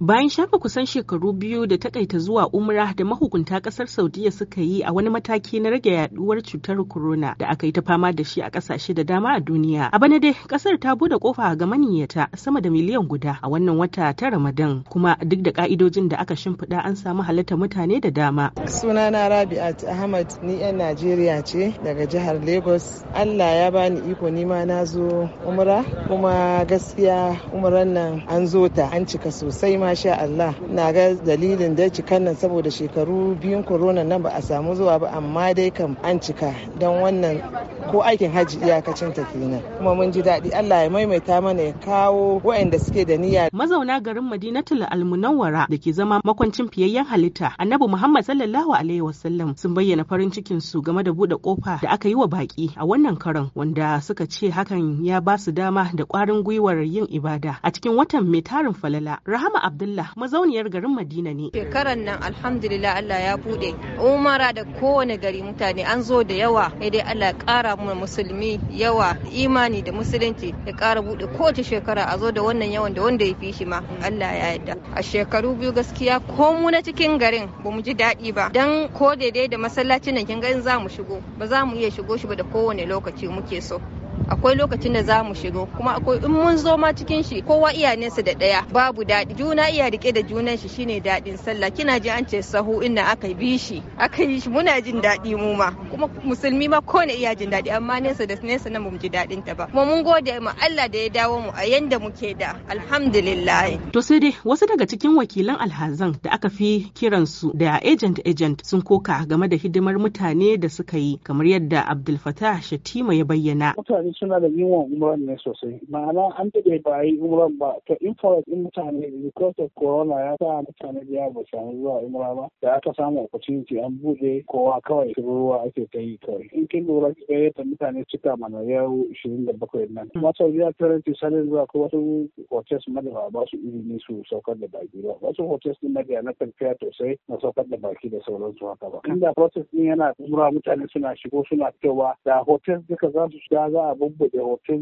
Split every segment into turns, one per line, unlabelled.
Bayan shafa kusan shekaru biyu da takaita zuwa umra da mahukunta kasar Saudiya suka yi a wani mataki na rage yaduwar cutar corona da aka yi ta fama da shi a kasashe da dama a duniya. A bana dai kasar ta bude kofa ga maniyyata sama da miliyan guda a wannan wata ta Ramadan kuma duk da ka'idojin da aka shimfiɗa an samu halartar mutane da dama.
Sunana Rabi'at Ahmad ni 'yan Najeriya ce daga jihar Lagos. Allah ya bani iko ni ma na zo umra kuma gaskiya umran nan an zo ta an cika sosai ma masha Allah na ga dalilin da cikan nan saboda shekaru biyun corona nan ba a samu zuwa ba amma dai kam an cika don wannan ko aikin hajji iyakacin ta kenan kuma mun ji daɗi Allah ya maimaita mana ya kawo waɗanda suke da niyya
mazauna garin Madinatul Almunawwara da ke zama makwancin fiyayyen halitta Annabi Muhammad sallallahu alaihi wasallam sun bayyana farin cikin su game da buɗe kofa da aka yi wa baki a wannan karon wanda suka ce hakan ya ba su dama da ƙwarin gwiwar yin ibada a cikin watan mai tarin falala Rahama Abdullah mazauniyar garin Madina ne
shekaran nan alhamdulillah Allah ya buɗe umara da kowane gari mutane an zo da yawa sai dai Allah ya ƙara ƙara musulmi yawa imani da musulunci ya ƙara buɗe kowace shekara a zo da wannan yawan da wanda ya fi shi ma Allah ya yarda a shekaru biyu gaskiya ko mu na cikin garin ba mu ji daɗi ba dan ko daidai da masallacin nan kin ga za mu shigo ba za mu iya shigo shi ba da kowane lokaci muke so akwai lokacin da zamu mu shigo kuma akwai in mun zo ma cikin shi kowa iya nesa da ɗaya babu daɗi juna iya rike da junan shi shine daɗin sallah kina ji an ce sahu inna aka bi shi aka yi shi muna jin daɗi mu ma kuma musulmi ma ko ne iya jin daɗi amma nesa da nesa na mu ji daɗin ta ba kuma mun gode ma Allah da ya dawo mu a yanda muke da alhamdulillah
to sai dai wasu daga cikin wakilan alhazan da aka fi kiransu da agent agent sun koka game da hidimar mutane da suka yi kamar yadda Abdul Fatah Shatima ya bayyana suna
da yunwan umran ne sosai ma'ana an daɗe ba a yi umran ba to infrared in mutane because of corona ya sa mutane da yawa ba samu zuwa umra ba da aka samu opportunity an buɗe kowa kawai ruwa ake ta yi kawai in kin lura ki ga yadda mutane cika mana yau ishirin da bakwai nan kuma sau tare da sanin zuwa ko wasu hotels madara ba su izini su saukar da baki ba wasu hotels din madara na tafiya sosai na saukar da baki da su haka ba hmm. inda process ɗin yana umura mutane suna shigo suna fitowa da hotels duka za su shiga za a bubbuɗe hotel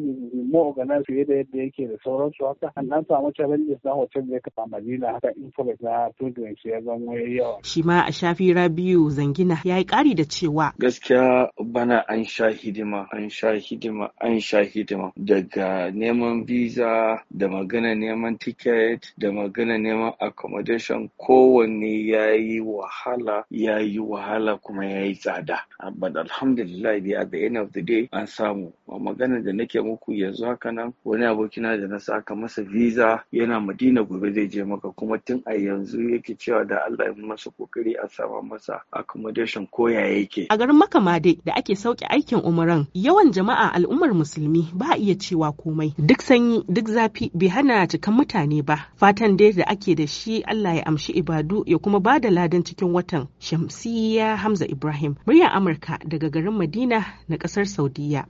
mu organize fiye da yadda yake da sauransu haka an an samu challenges na hotel da ya kafa madina haka infomate na shi ya zama yawa.
shi ma a shafi rabiu zangina ya yi ƙari da cewa. gaskiya bana an sha hidima an sha hidima an sha hidima
daga neman visa da magana neman ticket da magana neman accommodation kowanne ya yi wahala ya yi wahala kuma ya yi tsada. but alhamdulillah at the end of the day an samu maganar da nake muku yanzu haka nan wani abokina da na saka masa visa yana madina gobe zai je maka kuma tun a yanzu yake cewa da Allah ya masa kokari a sama masa accommodation ko ya
yake
a garin makama dai da ake sauke aikin umaran yawan jama'a al'ummar musulmi ba a iya cewa komai duk sanyi duk zafi bai hana cikan mutane ba fatan dai da ake da shi Allah ya amshi ibadu ya kuma ba da ladan cikin watan Shamsiyya Hamza Ibrahim muryar Amurka daga garin Madina na kasar Saudiya